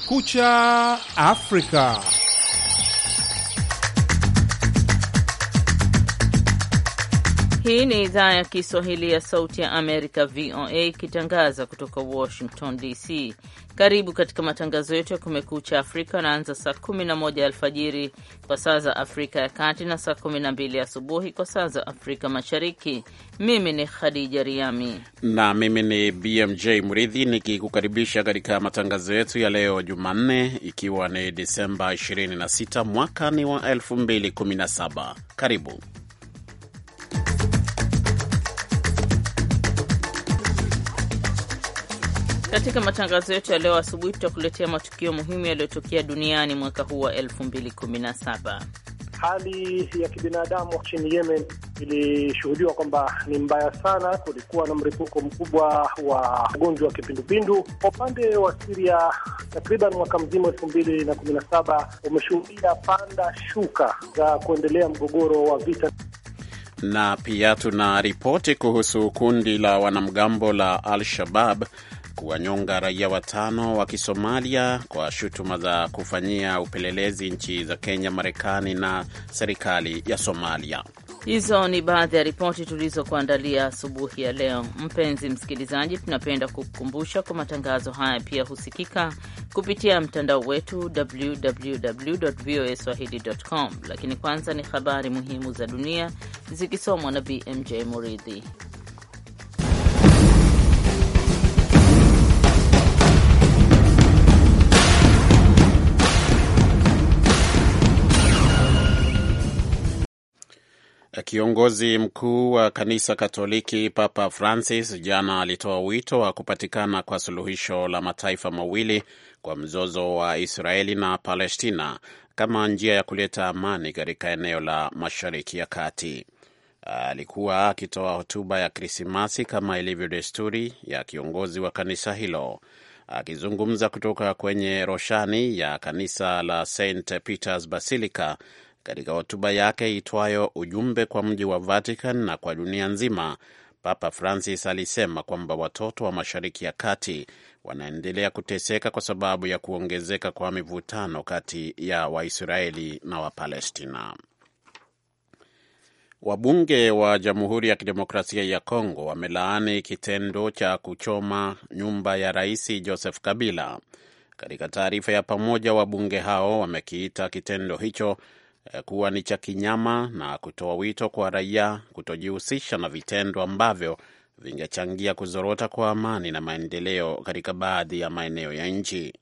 Kumekucha Afrika. Hii ni idhaa ya Kiswahili ya Sauti ya Amerika, VOA, ikitangaza kutoka Washington DC. Karibu katika matangazo yetu ya Kumekucha Afrika anaanza saa 11 alfajiri kwa saa za Afrika ya Kati na saa 12 asubuhi kwa saa za Afrika Mashariki. Mimi ni Khadija Riami na mimi ni BMJ Mridhi nikikukaribisha katika matangazo yetu ya leo Jumanne, ikiwa ni Disemba 26 mwaka ni wa 2017. Karibu Katika matangazo yetu ya leo asubuhi, tutakuletea matukio muhimu yaliyotokea duniani mwaka huu wa 2017. Hali ya kibinadamu nchini Yemen ilishuhudiwa kwamba ni mbaya sana. Kulikuwa na mrepuko mkubwa wa ugonjwa wa kipindupindu. Kwa upande wa Siria, takriban mwaka mzima elfu mbili na kumi na saba umeshuhudia panda shuka za kuendelea mgogoro wa vita na pia tuna ripoti kuhusu kundi la wanamgambo la Al-Shabab kuwanyonga raia watano wa Kisomalia kwa shutuma za kufanyia upelelezi nchi za Kenya, Marekani na serikali ya Somalia. Hizo ni baadhi ya ripoti tulizokuandalia asubuhi ya leo. Mpenzi msikilizaji, tunapenda kukukumbusha kwa matangazo haya pia husikika kupitia mtandao wetu www voa swahili.com. Lakini kwanza ni habari muhimu za dunia zikisomwa na BMJ Muridhi. Kiongozi mkuu wa kanisa Katoliki Papa Francis jana alitoa wito wa kupatikana kwa suluhisho la mataifa mawili kwa mzozo wa Israeli na Palestina kama njia ya kuleta amani katika eneo la Mashariki ya Kati. Alikuwa akitoa hotuba ya Krismasi kama ilivyo desturi ya kiongozi wa kanisa hilo. Akizungumza kutoka kwenye roshani ya kanisa la St Peters Basilica katika hotuba yake itwayo Ujumbe kwa Mji wa Vatican na kwa Dunia Nzima, Papa Francis alisema kwamba watoto wa Mashariki ya Kati wanaendelea kuteseka kwa sababu ya kuongezeka kwa mivutano kati ya Waisraeli na Wapalestina. Wabunge wa Jamhuri ya Kidemokrasia ya Kongo wamelaani kitendo cha kuchoma nyumba ya Rais Joseph Kabila. Katika taarifa ya pamoja, wabunge hao wamekiita kitendo hicho Eh, kuwa ni cha kinyama na kutoa wito kwa raia kutojihusisha na vitendo ambavyo vingechangia kuzorota kwa amani na maendeleo katika baadhi ya maeneo ya nchi.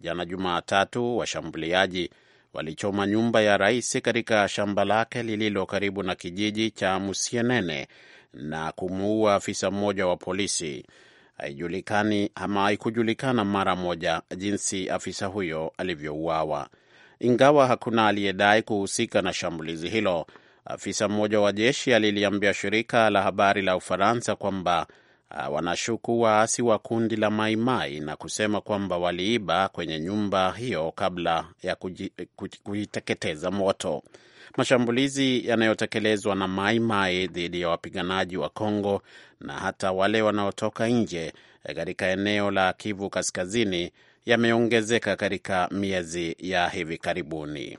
Jana Jumatatu, washambuliaji walichoma nyumba ya rais katika shamba lake lililo karibu na kijiji cha Musienene na kumuua afisa mmoja wa polisi. Haijulikani ama haikujulikana mara moja jinsi afisa huyo alivyouawa ingawa hakuna aliyedai kuhusika na shambulizi hilo. Afisa mmoja wa jeshi aliliambia shirika la habari la Ufaransa kwamba ah, wanashuku waasi wa kundi la Maimai na kusema kwamba waliiba kwenye nyumba hiyo kabla ya kuiteketeza moto. Mashambulizi yanayotekelezwa na Maimai dhidi ya wapiganaji wa Kongo na hata wale wanaotoka nje eh, katika eneo la Kivu Kaskazini yameongezeka katika miezi ya hivi karibuni.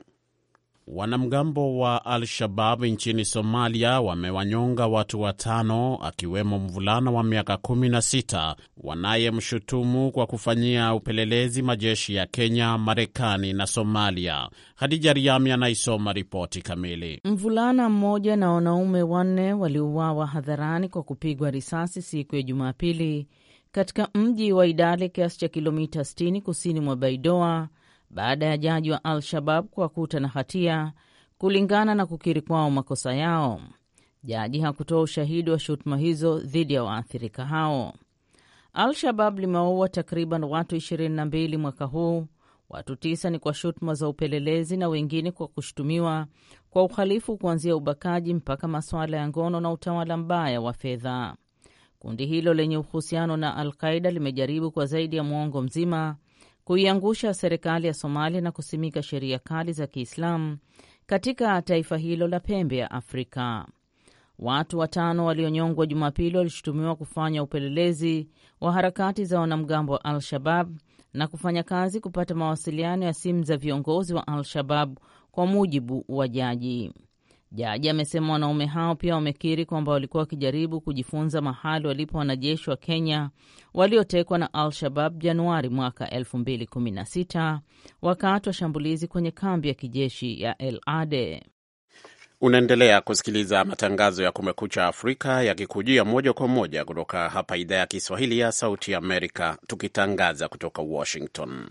Wanamgambo wa Al-Shabab nchini Somalia wamewanyonga watu watano akiwemo mvulana wa miaka 16 wanayemshutumu kwa kufanyia upelelezi majeshi ya Kenya, Marekani na Somalia. Hadija Riami anaisoma ripoti kamili. Mvulana mmoja na wanaume wanne waliuawa hadharani kwa kupigwa risasi siku ya Jumapili katika mji wa Idale kiasi cha kilomita 60 kusini mwa Baidoa baada ya jaji wa Al-Shabab kuwakuta na hatia kulingana na kukiri kwao makosa yao. Jaji hakutoa ushahidi wa shutuma hizo dhidi ya waathirika hao. Al-Shabab limewaua takriban watu 22 mwaka huu. Watu tisa ni kwa shutuma za upelelezi na wengine kwa kushutumiwa kwa uhalifu kuanzia ubakaji mpaka masuala ya ngono na utawala mbaya wa fedha. Kundi hilo lenye uhusiano na Al Qaida limejaribu kwa zaidi ya mwongo mzima kuiangusha serikali ya Somalia na kusimika sheria kali za Kiislamu katika taifa hilo la pembe ya Afrika. Watu watano walionyongwa Jumapili walishutumiwa kufanya upelelezi wa harakati za wanamgambo wa Al-Shabab na kufanya kazi kupata mawasiliano ya simu za viongozi wa Al-Shabab, kwa mujibu wa jaji. Jaji amesema wanaume hao pia wamekiri kwamba walikuwa wakijaribu kujifunza mahali walipo wanajeshi wa Kenya waliotekwa na Al-Shabab Januari mwaka 2016 wakati wa shambulizi kwenye kambi ya kijeshi ya El Ade. Unaendelea kusikiliza matangazo ya Kumekucha Afrika yakikujia moja kwa moja kutoka hapa idhaa ya Kiswahili ya Sauti Amerika, tukitangaza kutoka Washington.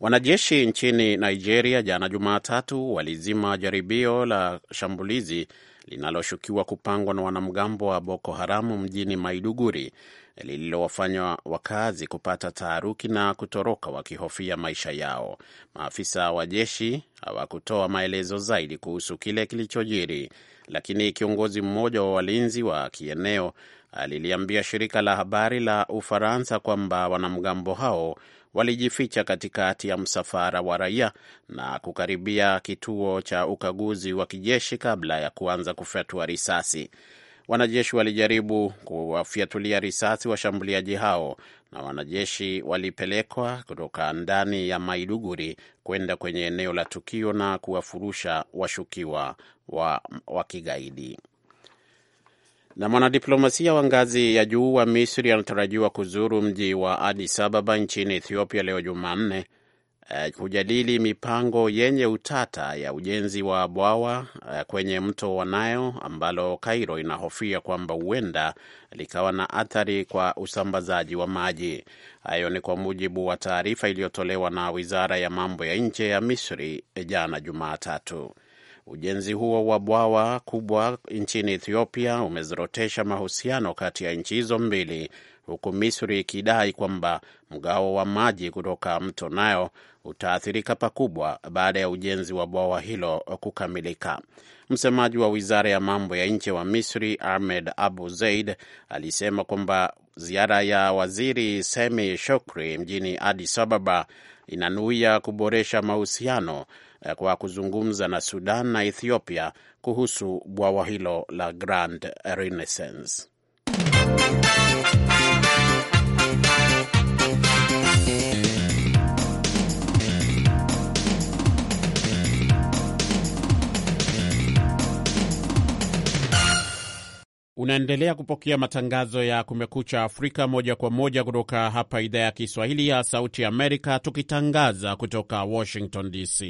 Wanajeshi nchini Nigeria jana Jumatatu walizima jaribio la shambulizi linaloshukiwa kupangwa na wanamgambo wa Boko Haramu mjini Maiduguri lililowafanya wakazi kupata taharuki na kutoroka wakihofia maisha yao. Maafisa wa jeshi hawakutoa maelezo zaidi kuhusu kile kilichojiri, lakini kiongozi mmoja wa walinzi wa kieneo aliliambia shirika la habari la Ufaransa kwamba wanamgambo hao walijificha katikati ya msafara wa raia na kukaribia kituo cha ukaguzi wa kijeshi kabla ya kuanza kufyatua risasi. Wanajeshi walijaribu kuwafyatulia risasi washambuliaji hao, na wanajeshi walipelekwa kutoka ndani ya Maiduguri kwenda kwenye eneo la tukio na kuwafurusha washukiwa wa, wa kigaidi. Na mwanadiplomasia wa ngazi ya juu wa Misri anatarajiwa kuzuru mji wa Addis Ababa nchini Ethiopia leo Jumanne eh, kujadili mipango yenye utata ya ujenzi wa bwawa eh, kwenye mto wa Nile ambalo Kairo inahofia kwamba huenda likawa na athari kwa usambazaji wa maji. Hayo ni kwa mujibu wa taarifa iliyotolewa na Wizara ya Mambo ya Nje ya Misri jana Jumatatu. Ujenzi huo wa bwawa kubwa nchini Ethiopia umezorotesha mahusiano kati ya nchi hizo mbili, huku Misri ikidai kwamba mgao wa maji kutoka mto Nayo utaathirika pakubwa baada ya ujenzi wa bwawa hilo kukamilika. Msemaji wa wizara ya mambo ya nje wa Misri Ahmed Abu Zeid alisema kwamba ziara ya waziri Semi Shokri mjini Addis Ababa inanuia kuboresha mahusiano Eh, kwa kuzungumza na Sudan na Ethiopia kuhusu bwawa hilo la Grand Renaissance. Unaendelea kupokea matangazo ya Kumekucha Afrika moja kwa moja kutoka hapa idhaa ya Kiswahili ya Sauti Amerika, tukitangaza kutoka Washington DC.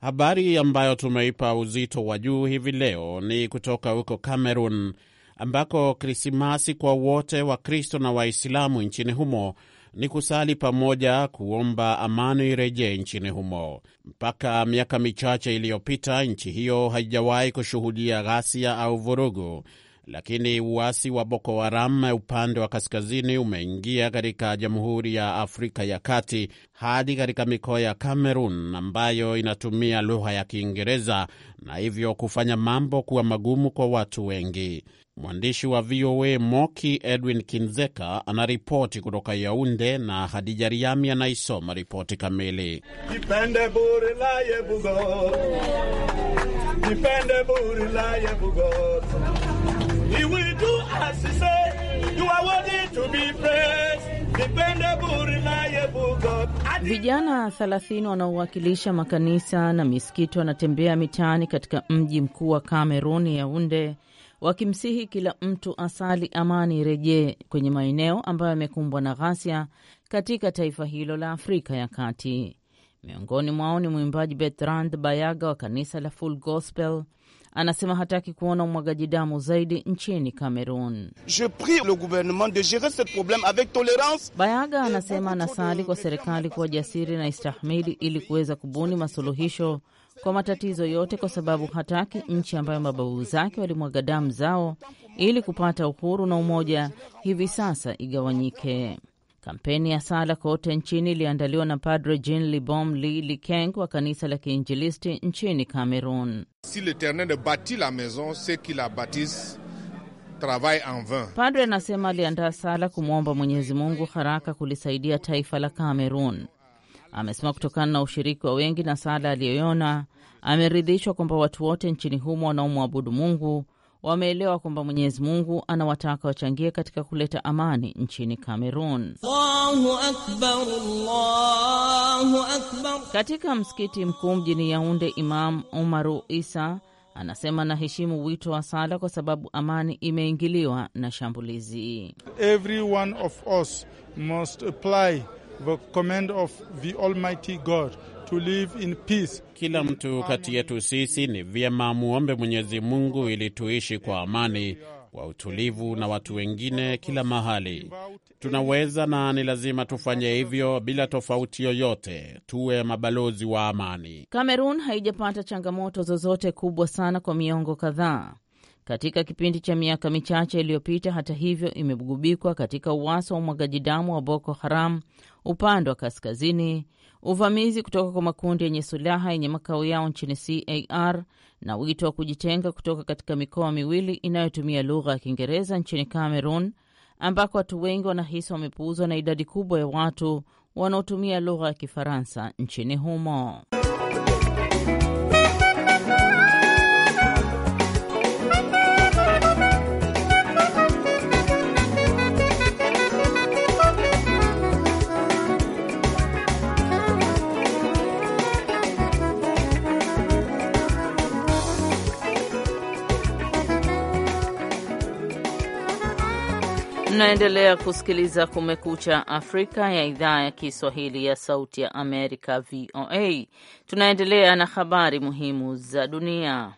Habari ambayo tumeipa uzito wa juu hivi leo ni kutoka huko Cameroon ambako Krismasi kwa wote Wakristo na Waislamu nchini humo ni kusali pamoja kuomba amani irejee nchini humo. Mpaka miaka michache iliyopita, nchi hiyo haijawahi kushuhudia ghasia au vurugu, lakini uasi wa Boko Haram upande wa kaskazini umeingia katika Jamhuri ya Afrika ya Kati hadi katika mikoa ya Cameroon ambayo inatumia lugha ya Kiingereza na hivyo kufanya mambo kuwa magumu kwa watu wengi. Mwandishi wa VOA Moki Edwin Kinzeka anaripoti kutoka Yaunde na Hadija Riami anaisoma ripoti kamili. He will do as he said. You are worthy to be praised. Dependable, reliable God. Vijana 30 wanaowakilisha makanisa na misikiti wanatembea mitaani katika mji mkuu wa Kameruni Yaunde wakimsihi kila mtu asali amani rejee kwenye maeneo ambayo yamekumbwa na ghasia katika taifa hilo la Afrika ya Kati. Miongoni mwao ni mwimbaji Bertrand Bayaga wa kanisa la Full Gospel anasema hataki kuona umwagaji damu zaidi nchini Kamerun. Bayaga anasema anasali kwa serikali kuwa jasiri na istahmili ili kuweza kubuni masuluhisho kwa matatizo yote, kwa sababu hataki nchi ambayo mababu zake walimwaga damu zao ili kupata uhuru na umoja hivi sasa igawanyike. Kampeni ya sala kote nchini iliandaliwa na Padre Jean Libom Li Likeng wa kanisa la kiinjilisti nchini Cameroon. Si l'Eternel ne bati la maison ceux qui la batise travaille en vain. Padre anasema aliandaa sala kumwomba Mwenyezi Mungu haraka kulisaidia taifa la Cameroon. Amesema kutokana na ushiriki wa wengi na sala aliyoiona, ameridhishwa kwamba watu wote nchini humo wanaomwabudu Mungu wameelewa kwamba Mwenyezi Mungu anawataka wachangie katika kuleta amani nchini Kamerun. Allahu akbar, Allahu akbar. Katika msikiti mkuu mjini Yaunde, Imam Umaru Isa anasema anaheshimu wito wa sala kwa sababu amani imeingiliwa na shambulizi. Every one of us must apply the command of the Almighty God to live in peace. Kila mtu kati yetu sisi ni vyema muombe Mwenyezi Mungu ili tuishi kwa amani kwa utulivu na watu wengine kila mahali. Tunaweza na ni lazima tufanye hivyo bila tofauti yoyote, tuwe mabalozi wa amani. Kamerun haijapata changamoto zozote kubwa sana kwa miongo kadhaa katika kipindi cha miaka michache iliyopita. Hata hivyo, imegubikwa katika uwasa wa umwagaji damu wa Boko Haram upande wa kaskazini, uvamizi kutoka kwa makundi yenye silaha yenye makao yao nchini CAR na wito wa kujitenga kutoka katika mikoa miwili inayotumia lugha ya Kiingereza nchini Cameroon, ambako watu wengi wanahisi wamepuuzwa na idadi kubwa ya watu wanaotumia lugha ya Kifaransa nchini humo. Mnaendelea kusikiliza Kumekucha Afrika ya idhaa ya Kiswahili ya Sauti ya Amerika, VOA. Tunaendelea na habari muhimu za dunia.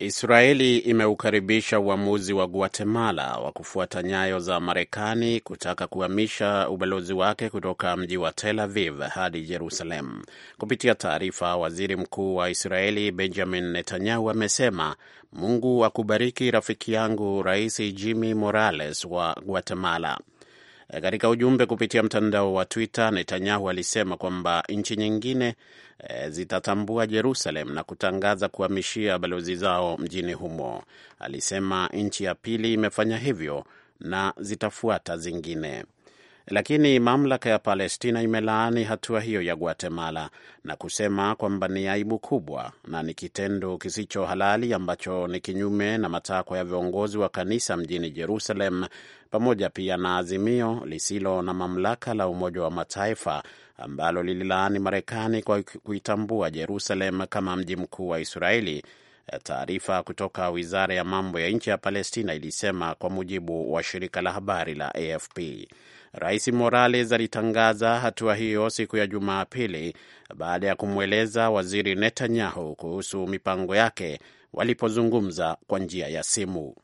Israeli imeukaribisha uamuzi wa Guatemala wa kufuata nyayo za Marekani kutaka kuhamisha ubalozi wake kutoka mji wa Tel Aviv hadi Jerusalem. Kupitia taarifa, waziri mkuu wa Israeli Benjamin Netanyahu amesema, Mungu akubariki rafiki yangu Rais Jimmy Morales wa Guatemala. Eh, katika ujumbe kupitia mtandao wa Twitter, Netanyahu alisema kwamba nchi nyingine e, zitatambua Jerusalem na kutangaza kuhamishia balozi zao mjini humo. Alisema nchi ya pili imefanya hivyo na zitafuata zingine lakini mamlaka ya Palestina imelaani hatua hiyo ya Guatemala na kusema kwamba ni aibu kubwa na ni kitendo kisicho halali ambacho ni kinyume na matakwa ya viongozi wa kanisa mjini Jerusalem, pamoja pia na azimio lisilo na mamlaka la Umoja wa Mataifa ambalo lililaani Marekani kwa kuitambua Jerusalem kama mji mkuu wa Israeli. Taarifa kutoka wizara ya mambo ya nchi ya Palestina ilisema kwa mujibu wa shirika la habari la AFP. Rais Morales alitangaza hatua hiyo siku ya Jumapili baada ya kumweleza waziri Netanyahu kuhusu mipango yake walipozungumza kwa njia ya simu.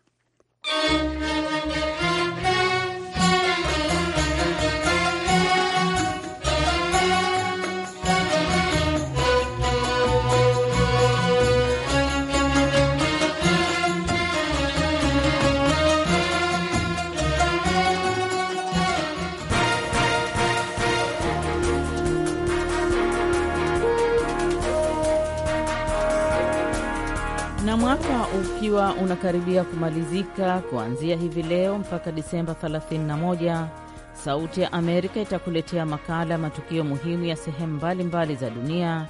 unakaribia kumalizika. Kuanzia hivi leo mpaka Disemba 31, Sauti ya Amerika itakuletea makala matukio muhimu ya sehemu mbalimbali za dunia.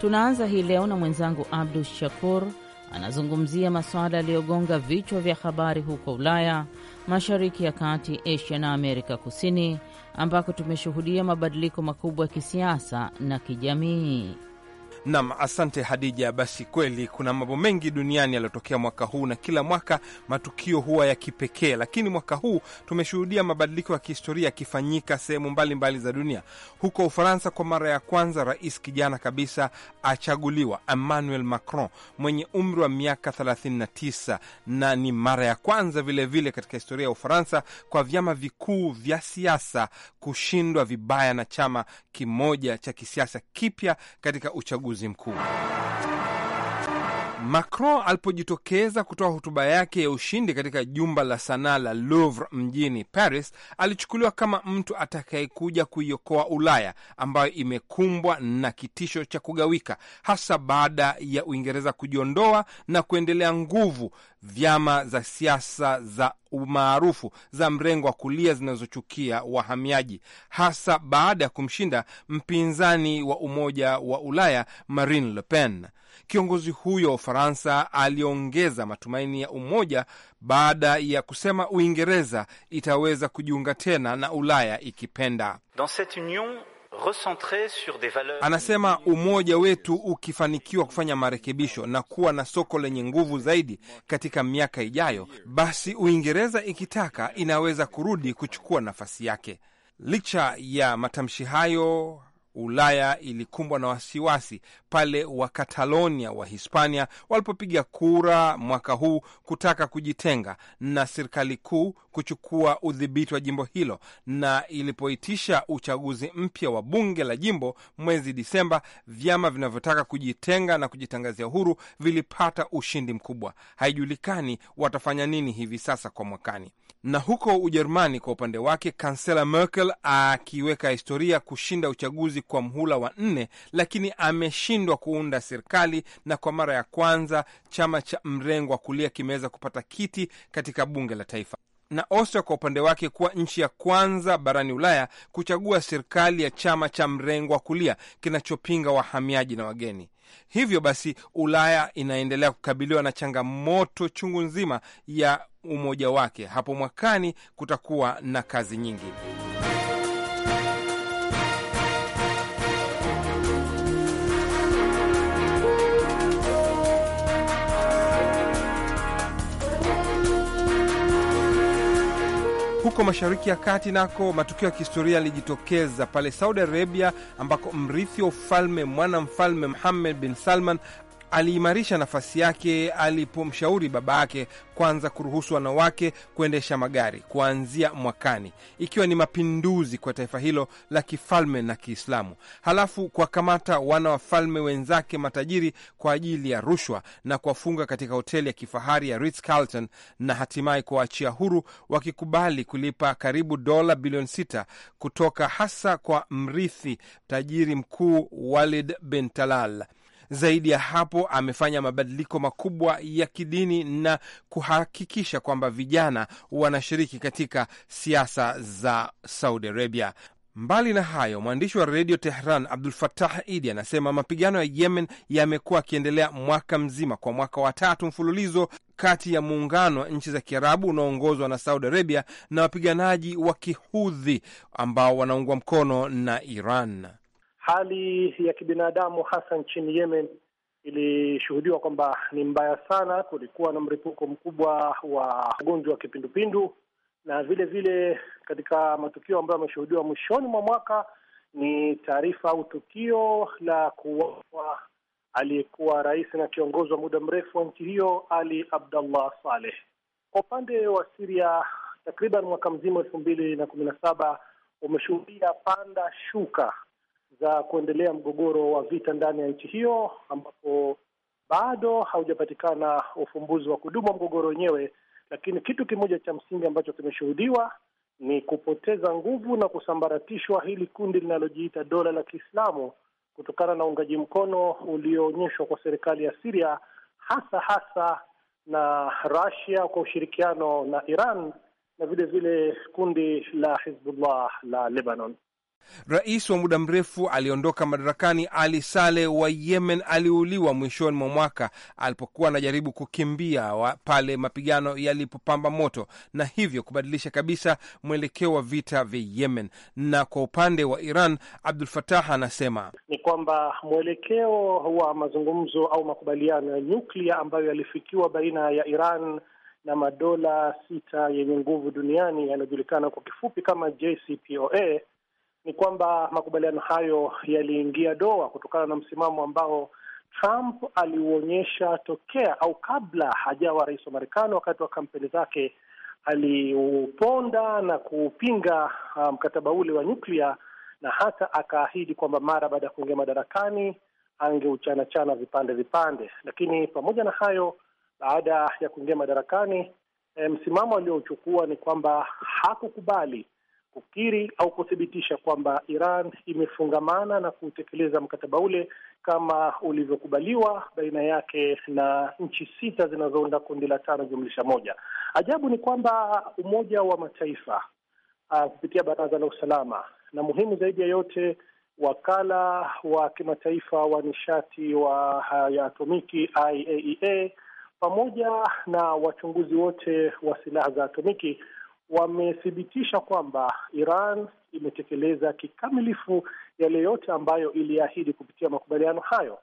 Tunaanza hii leo na mwenzangu Abdu Shakur anazungumzia masuala yaliyogonga vichwa vya habari huko Ulaya, Mashariki ya Kati, Asia na Amerika Kusini, ambako tumeshuhudia mabadiliko makubwa ya kisiasa na kijamii. Nam, asante Hadija. Basi kweli kuna mambo mengi duniani yaliyotokea mwaka huu, na kila mwaka matukio huwa ya kipekee, lakini mwaka huu tumeshuhudia mabadiliko ya kihistoria yakifanyika sehemu mbalimbali za dunia. Huko Ufaransa, kwa mara ya kwanza rais kijana kabisa achaguliwa, Emmanuel Macron mwenye umri wa miaka 39, na ni mara ya kwanza vilevile vile katika historia ya Ufaransa kwa vyama vikuu vya siasa kushindwa vibaya na chama kimoja cha kisiasa kipya katika uchaguzi uchaguzi mkuu. Macron alipojitokeza kutoa hotuba yake ya ushindi katika jumba la sanaa la Louvre mjini Paris, alichukuliwa kama mtu atakayekuja kuiokoa Ulaya ambayo imekumbwa na kitisho cha kugawika, hasa baada ya Uingereza kujiondoa na kuendelea nguvu vyama za siasa za umaarufu za mrengo wa kulia zinazochukia wahamiaji, hasa baada ya kumshinda mpinzani wa Umoja wa Ulaya Marine Le Pen. Kiongozi huyo wa Ufaransa aliongeza matumaini ya umoja baada ya kusema Uingereza itaweza kujiunga tena na Ulaya ikipenda. Anasema umoja wetu ukifanikiwa kufanya marekebisho na kuwa na soko lenye nguvu zaidi katika miaka ijayo, basi Uingereza ikitaka inaweza kurudi kuchukua nafasi yake. Licha ya matamshi hayo Ulaya ilikumbwa na wasiwasi pale wa katalonia wa Hispania walipopiga kura mwaka huu kutaka kujitenga na serikali kuu kuchukua udhibiti wa jimbo hilo, na ilipoitisha uchaguzi mpya wa bunge la jimbo mwezi Disemba, vyama vinavyotaka kujitenga na kujitangazia uhuru vilipata ushindi mkubwa. Haijulikani watafanya nini hivi sasa kwa mwakani. Na huko Ujerumani kwa upande wake, kansela Merkel akiweka historia kushinda uchaguzi kwa mhula wa nne, lakini ameshindwa kuunda serikali, na kwa mara ya kwanza chama cha mrengo wa kulia kimeweza kupata kiti katika bunge la taifa na Austria kwa upande wake kuwa nchi ya kwanza barani Ulaya kuchagua serikali ya chama cha mrengo wa kulia kinachopinga wahamiaji na wageni. Hivyo basi, Ulaya inaendelea kukabiliwa na changamoto chungu nzima ya umoja wake. Hapo mwakani kutakuwa na kazi nyingi. Huko Mashariki ya Kati nako matukio ya kihistoria yalijitokeza pale Saudi Arabia, ambako mrithi wa ufalme mwana mfalme Muhammad bin Salman aliimarisha nafasi yake alipomshauri baba yake kwanza kuruhusu wanawake kuendesha magari kuanzia mwakani, ikiwa ni mapinduzi kwa taifa hilo la kifalme na Kiislamu, halafu kuwakamata wana wafalme wenzake matajiri kwa ajili ya rushwa na kuwafunga katika hoteli ya kifahari ya Ritz Carlton, na hatimaye kuwaachia huru wakikubali kulipa karibu dola bilioni sita kutoka hasa kwa mrithi tajiri mkuu Walid bin Talal. Zaidi ya hapo, amefanya mabadiliko makubwa ya kidini na kuhakikisha kwamba vijana wanashiriki katika siasa za Saudi Arabia. Mbali na hayo, mwandishi wa redio Tehran Abdul Fattah Idi anasema mapigano ya Yemen yamekuwa yakiendelea mwaka mzima kwa mwaka wa tatu mfululizo kati ya muungano wa nchi za Kiarabu unaoongozwa na Saudi Arabia na wapiganaji wa Kihudhi ambao wanaungwa mkono na Iran. Hali ya kibinadamu hasa nchini Yemen ilishuhudiwa kwamba ni mbaya sana. Kulikuwa na mripuko mkubwa wa ugonjwa wa kipindupindu, na vile vile katika matukio ambayo yameshuhudiwa mwishoni mwa mwaka ni taarifa au tukio la kuwawa aliyekuwa rais na kiongozi wa muda mrefu wa nchi hiyo Ali Abdullah Saleh. Kwa upande wa Siria, takriban mwaka mzima elfu mbili na kumi na saba umeshuhudia panda shuka za kuendelea mgogoro wa vita ndani ya nchi hiyo, ambapo bado haujapatikana ufumbuzi wa kudumu wa mgogoro wenyewe. Lakini kitu kimoja cha msingi ambacho kimeshuhudiwa ni kupoteza nguvu na kusambaratishwa hili kundi linalojiita dola la Kiislamu kutokana na uungaji mkono ulioonyeshwa kwa serikali ya Siria hasa hasa na rasia kwa ushirikiano na Iran na vile vile kundi la Hizbullah la Lebanon. Rais wa muda mrefu aliondoka madarakani Ali Saleh wa Yemen aliuliwa mwishoni mwa mwaka alipokuwa anajaribu kukimbia pale mapigano yalipopamba moto na hivyo kubadilisha kabisa mwelekeo wa vita vya Yemen. Na kwa upande wa Iran, Abdul Fatah anasema ni kwamba mwelekeo wa mazungumzo au makubaliano ya nyuklia ambayo yalifikiwa baina ya Iran na madola sita yenye nguvu duniani yanayojulikana kwa kifupi kama JCPOA ni kwamba makubaliano hayo yaliingia doa kutokana na msimamo ambao Trump aliuonyesha tokea au kabla hajawa rais wa Marekani. Wakati wa kampeni zake aliuponda na kuupinga ah, mkataba um, ule wa nyuklia, na hata akaahidi kwamba mara baada ya kuingia madarakani angeuchanachana vipande vipande. Lakini pamoja na hayo, baada ya kuingia madarakani, eh, msimamo aliochukua ni kwamba hakukubali kukiri au kuthibitisha kwamba Iran imefungamana na kutekeleza mkataba ule kama ulivyokubaliwa baina yake na nchi sita zinazounda kundi la tano jumlisha moja. Ajabu ni kwamba Umoja wa Mataifa ah, kupitia Baraza la Usalama na muhimu zaidi ya yote wakala wa kimataifa wa nishati wa ah, ya atomiki IAEA e pamoja na wachunguzi wote wa silaha za atomiki wamethibitisha kwamba Iran imetekeleza kikamilifu yale yote ambayo iliahidi kupitia makubaliano hayo.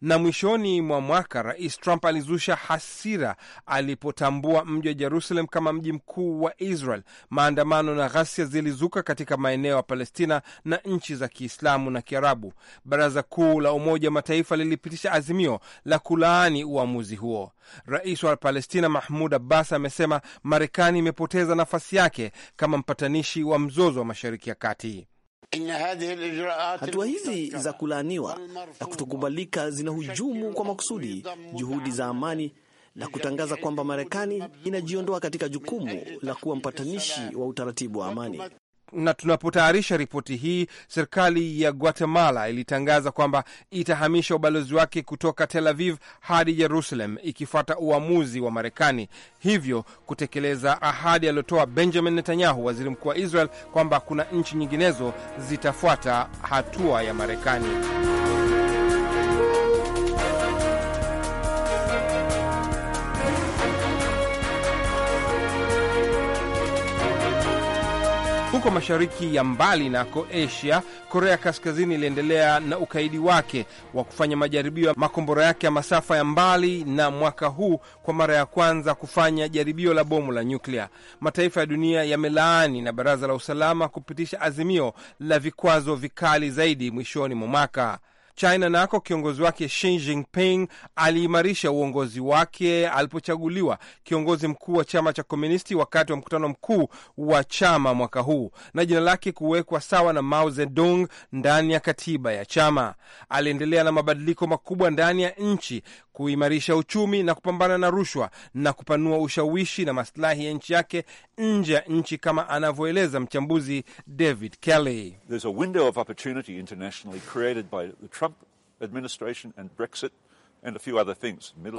Na mwishoni mwa mwaka Rais Trump alizusha hasira alipotambua mji wa Jerusalem kama mji mkuu wa Israel. Maandamano na ghasia zilizuka katika maeneo ya Palestina na nchi za Kiislamu na Kiarabu. Baraza Kuu la Umoja wa Mataifa lilipitisha azimio la kulaani uamuzi huo. Rais wa Palestina Mahmud Abbas amesema Marekani imepoteza nafasi yake kama mpatanishi wa mzozo wa Mashariki ya Kati. Hatua hizi za kulaaniwa na kutokubalika zinahujumu kwa makusudi juhudi za amani na kutangaza kwamba Marekani inajiondoa katika jukumu la kuwa mpatanishi wa utaratibu wa amani na tunapotayarisha ripoti hii, serikali ya Guatemala ilitangaza kwamba itahamisha ubalozi wake kutoka Tel Aviv hadi Jerusalem, ikifuata uamuzi wa Marekani, hivyo kutekeleza ahadi aliyotoa Benjamin Netanyahu, waziri mkuu wa Israel, kwamba kuna nchi nyinginezo zitafuata hatua ya Marekani. Huko mashariki ya mbali nako Asia, Korea Kaskazini iliendelea na ukaidi wake wa kufanya majaribio ya makombora yake ya masafa ya mbali, na mwaka huu kwa mara ya kwanza kufanya jaribio la bomu la nyuklia. Mataifa ya dunia yamelaani na Baraza la Usalama kupitisha azimio la vikwazo vikali zaidi mwishoni mwa mwaka. China nako kiongozi wake Xi Jinping aliimarisha uongozi wake alipochaguliwa kiongozi mkuu wa chama cha Komunisti wakati wa mkutano mkuu wa chama mwaka huu, na jina lake kuwekwa sawa na Mao Zedong ndani ya katiba ya chama. Aliendelea na mabadiliko makubwa ndani ya nchi, kuimarisha uchumi na kupambana na rushwa na kupanua ushawishi na masilahi ya nchi yake nje ya nchi, kama anavyoeleza mchambuzi David Kelly.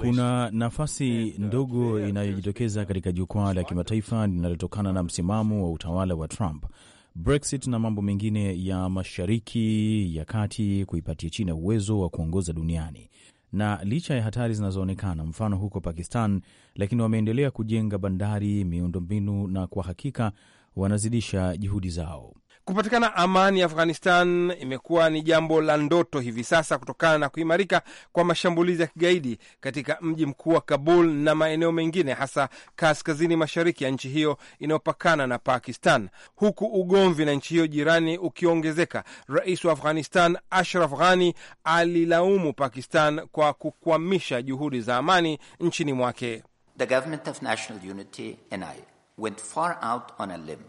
Kuna nafasi uh, ndogo inayojitokeza katika jukwaa la kimataifa linalotokana na msimamo wa utawala wa Trump, Brexit na mambo mengine ya Mashariki ya Kati kuipatia China uwezo wa kuongoza duniani na licha ya hatari zinazoonekana, mfano huko Pakistan, lakini wameendelea kujenga bandari, miundombinu na kwa hakika wanazidisha juhudi zao. Kupatikana amani ya Afghanistan imekuwa ni jambo la ndoto hivi sasa kutokana na kuimarika kwa mashambulizi ya kigaidi katika mji mkuu wa Kabul na maeneo mengine, hasa kaskazini mashariki ya nchi hiyo inayopakana na Pakistan, huku ugomvi na nchi hiyo jirani ukiongezeka. Rais wa Afghanistan Ashraf Ghani alilaumu Pakistan kwa kukwamisha juhudi za amani nchini mwake. The government of national unity and I went far out on a limb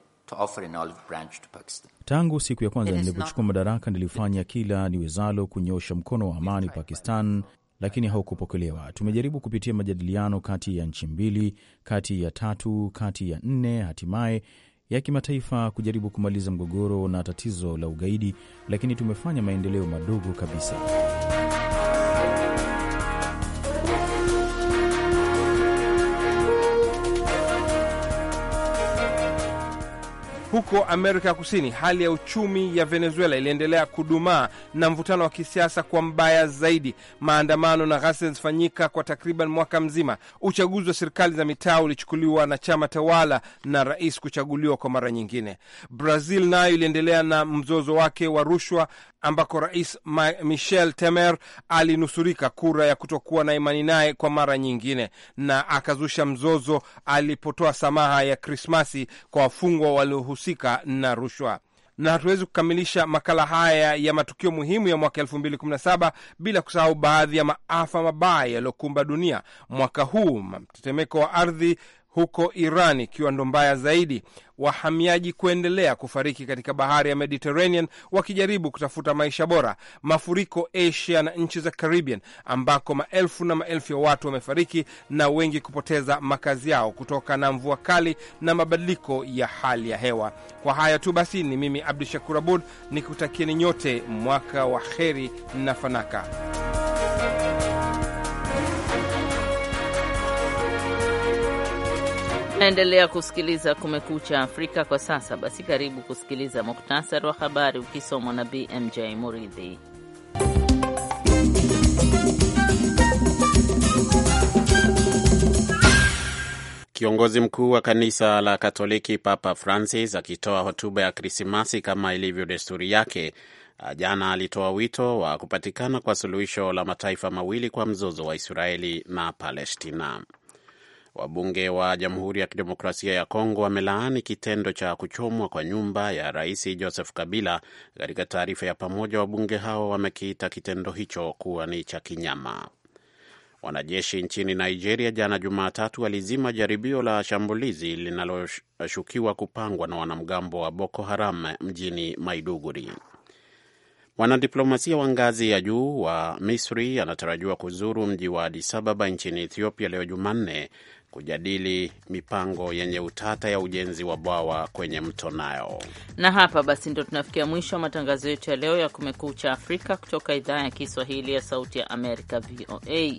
Tangu siku ya kwanza nilipochukua not... madaraka nilifanya kila niwezalo kunyosha mkono wa amani Pakistan, lakini haukupokelewa. Tumejaribu kupitia majadiliano kati ya nchi mbili, kati ya tatu, kati ya nne, hatimaye ya kimataifa kujaribu kumaliza mgogoro na tatizo la ugaidi, lakini tumefanya maendeleo madogo kabisa. Huko Amerika Kusini, hali ya uchumi ya Venezuela iliendelea kudumaa na mvutano wa kisiasa kwa mbaya zaidi. Maandamano na ghasia zilifanyika kwa takriban mwaka mzima. Uchaguzi wa serikali za mitaa ulichukuliwa na chama tawala na rais kuchaguliwa kwa mara nyingine. Brazil nayo iliendelea na mzozo wake wa rushwa, ambako rais Michel Temer alinusurika kura ya kutokuwa na imani naye kwa mara nyingine, na akazusha mzozo alipotoa samaha ya Krismasi kwa wafungwa waliohusika kuhusika na rushwa na hatuwezi kukamilisha makala haya ya matukio muhimu ya mwaka 2017 bila kusahau baadhi ya maafa mabaya yaliyokumba dunia mwaka huu: mtetemeko wa ardhi, huko Iran ikiwa ndo mbaya zaidi, wahamiaji kuendelea kufariki katika bahari ya Mediterranean wakijaribu kutafuta maisha bora, mafuriko Asia na nchi za Caribbean ambako maelfu na maelfu ya watu wamefariki na wengi kupoteza makazi yao kutokana na mvua kali na mabadiliko ya hali ya hewa. Kwa haya tu basi, ni mimi Abdu Shakur Abud nikutakieni nyote mwaka wa heri na fanaka. Naendelea kusikiliza Kumekucha Afrika kwa sasa. Basi karibu kusikiliza muktasari wa habari ukisomwa na BMJ Muridhi. Kiongozi mkuu wa kanisa la Katoliki Papa Francis akitoa hotuba ya Krismasi kama ilivyo desturi yake ah, jana, alitoa wito wa kupatikana kwa suluhisho la mataifa mawili kwa mzozo wa Israeli na Palestina. Wabunge wa Jamhuri ya Kidemokrasia ya Kongo wamelaani kitendo cha kuchomwa kwa nyumba ya Rais Joseph Kabila. Katika taarifa ya pamoja, wabunge hao wamekiita kitendo hicho kuwa ni cha kinyama. Wanajeshi nchini Nigeria jana Jumatatu walizima jaribio la shambulizi linaloshukiwa kupangwa na wanamgambo wa Boko Haram mjini Maiduguri. Mwanadiplomasia wa ngazi ya juu wa Misri anatarajiwa kuzuru mji wa Addis Ababa nchini Ethiopia leo Jumanne kujadili mipango yenye utata ya ujenzi wa bwawa kwenye mto Nile. Na hapa basi ndo tunafikia mwisho wa matangazo yetu ya leo ya Kumekucha Afrika kutoka idhaa ya Kiswahili ya Sauti ya Amerika, VOA.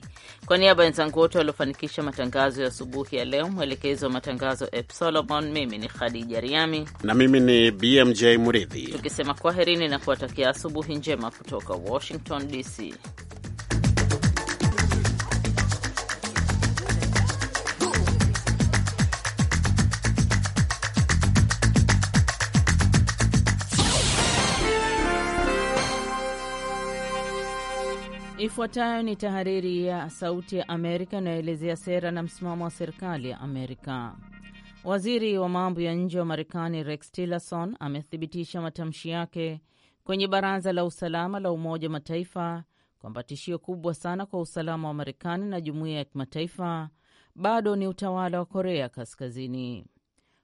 Kwa niaba ya wenzangu wote waliofanikisha matangazo ya asubuhi ya leo, mwelekezi wa matangazo Ep Solomon, mimi ni Khadija Riami na mimi ni BMJ Muridhi, tukisema kwaherini na kuwatakia asubuhi njema kutoka Washington DC. Ifuatayo ni tahariri ya Sauti ya Amerika inayoelezea sera na msimamo wa serikali ya Amerika. Waziri wa mambo ya nje wa Marekani Rex Tillerson amethibitisha matamshi yake kwenye Baraza la Usalama la Umoja wa Mataifa kwamba tishio kubwa sana kwa usalama wa Marekani na jumuiya ya kimataifa bado ni utawala wa Korea Kaskazini.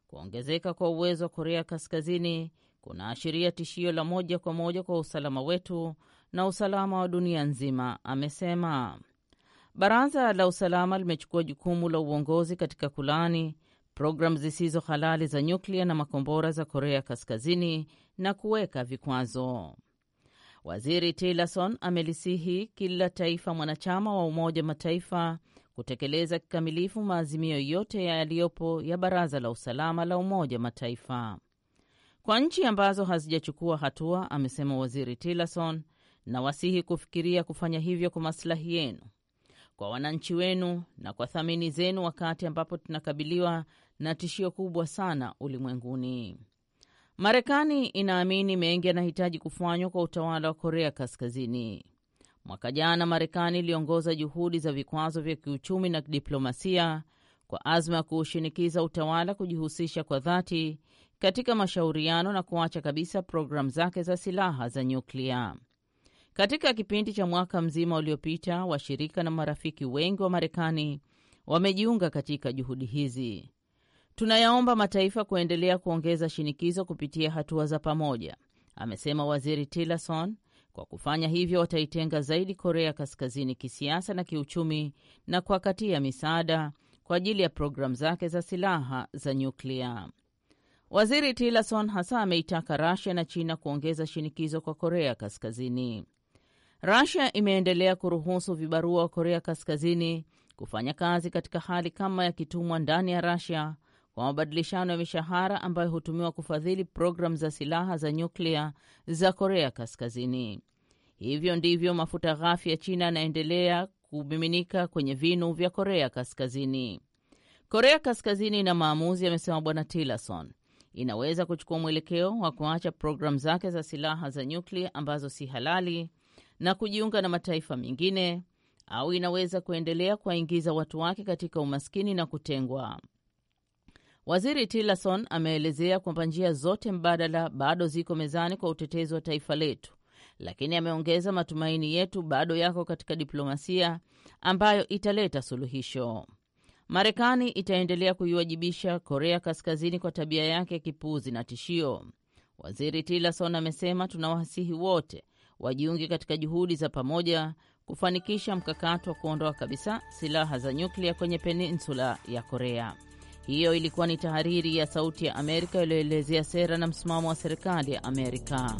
Kuongezeka kwa uwezo wa Korea Kaskazini kunaashiria tishio la moja kwa moja kwa usalama wetu na usalama wa dunia nzima, amesema. Baraza la usalama limechukua jukumu la uongozi katika kulani programu zisizo halali za nyuklia na makombora za Korea Kaskazini na kuweka vikwazo. Waziri Tillerson amelisihi kila taifa mwanachama wa Umoja wa Mataifa kutekeleza kikamilifu maazimio yote yaliyopo ya Baraza la Usalama la Umoja wa Mataifa. Kwa nchi ambazo hazijachukua hatua, amesema Waziri Tillerson, Nawasihi kufikiria kufanya hivyo kwa masilahi yenu, kwa wananchi wenu na kwa thamini zenu, wakati ambapo tunakabiliwa na tishio kubwa sana ulimwenguni. Marekani inaamini mengi yanahitaji kufanywa kwa utawala wa Korea Kaskazini. Mwaka jana, Marekani iliongoza juhudi za vikwazo vya kiuchumi na diplomasia kwa azma ya kushinikiza utawala kujihusisha kwa dhati katika mashauriano na kuacha kabisa programu zake za silaha za nyuklia. Katika kipindi cha mwaka mzima uliopita, washirika na marafiki wengi wa Marekani wamejiunga katika juhudi hizi. Tunayaomba mataifa kuendelea kuongeza shinikizo kupitia hatua za pamoja, amesema Waziri Tillerson. Kwa kufanya hivyo, wataitenga zaidi Korea Kaskazini kisiasa na kiuchumi na kuwakatia misaada kwa ajili ya programu zake za silaha za nyuklia. Waziri Tillerson hasa ameitaka rasia na China kuongeza shinikizo kwa Korea Kaskazini rasia imeendelea kuruhusu vibarua wa Korea Kaskazini kufanya kazi katika hali kama ya kitumwa ndani ya rasia kwa mabadilishano ya mishahara ambayo hutumiwa kufadhili programu za silaha za nyuklia za Korea Kaskazini. Hivyo ndivyo mafuta ghafi ya China yanaendelea kumiminika kwenye vinu vya Korea Kaskazini. Korea Kaskazini ina maamuzi, amesema Bwana Tillerson, inaweza kuchukua mwelekeo wa kuacha programu zake za silaha za nyuklia ambazo si halali na kujiunga na mataifa mengine au inaweza kuendelea kuwaingiza watu wake katika umaskini na kutengwa. Waziri Tillerson ameelezea kwamba njia zote mbadala bado ziko mezani kwa utetezi wa taifa letu, lakini ameongeza, matumaini yetu bado yako katika diplomasia ambayo italeta suluhisho. Marekani itaendelea kuiwajibisha Korea Kaskazini kwa tabia yake ya kipuuzi na tishio. Waziri Tillerson amesema, tunawasihi wote wajiunge katika juhudi za pamoja kufanikisha mkakati wa kuondoa kabisa silaha za nyuklia kwenye peninsula ya Korea. Hiyo ilikuwa ni tahariri ya Sauti ya Amerika iliyoelezea sera na msimamo wa serikali ya Amerika.